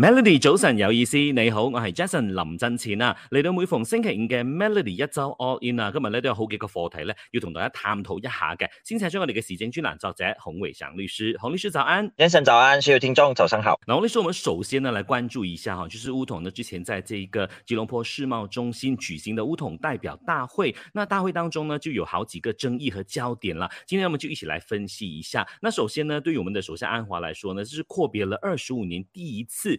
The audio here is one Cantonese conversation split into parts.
Melody 早晨有意思，你好，我是 Jason 林振前啊，嚟到每逢星期五嘅 Melody 一周 all in 啊，今日呢，都有好幾個課題呢，要同大家探討一下嘅。先請出我哋嘅時政專欄作者洪偉祥律師，洪律師早安，Jason 早安，所有聽眾早上好。那洪律師，我們首先呢，來關注一下哈，就是巫統呢之前在這一個吉隆坡世貿中心舉行的巫統代表大會，那大會當中呢，就有好幾個爭議和焦點啦。今天我們就一起來分析一下。那首先呢，對於我們的首相安華來說呢，這、就是闊別了二十五年第一次。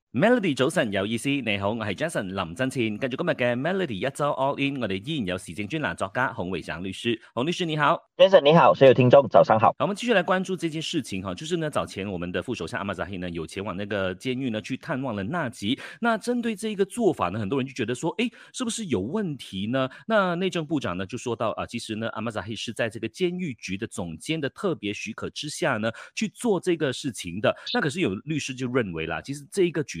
Melody 早晨有意思，你好，我係 Jason 林振清。跟住今日嘅 Melody 一周 All In，我哋依然有時政專欄、啊、作家洪偉祥律師，洪律師你好，Jason 你好，所有聽眾早上好。好，我們繼續來關注這件事情哈，就是呢早前我們的副首相阿瑪扎希呢有前往那個監獄呢去探望了納吉。那針對這一個做法呢，很多人就覺得說，誒、欸，是不是有問題呢？那內政部長呢就說到啊，其實呢阿瑪扎希是在這個監獄局的總監的特別許可之下呢去做這個事情的。那可是有律師就認為啦，其實這一個舉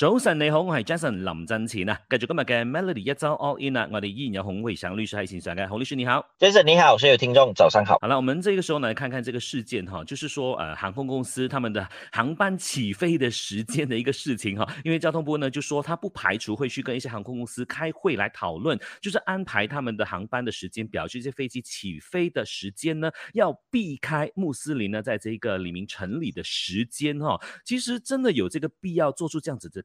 早晨你好，我係 Jason 林振前啊。繼續嘅 Melody 一周 All In 啊，我哋依然洪偉祥律師喺線上嘅，洪律師你好，Jason 你好，所有聽眾早上好。好了，我們這個時候呢，看看這個事件哈，就是說，呃，航空公司他們的航班起飛的時間的一個事情哈， 因為交通部呢就說，他不排除會去跟一些航空公司開會來討論，就是安排他們的航班的時間表，即係飛機起飛的時間呢要避開穆斯林呢，在這個黎明城里嘅時間哈。其實真的有這個必要做出這樣子的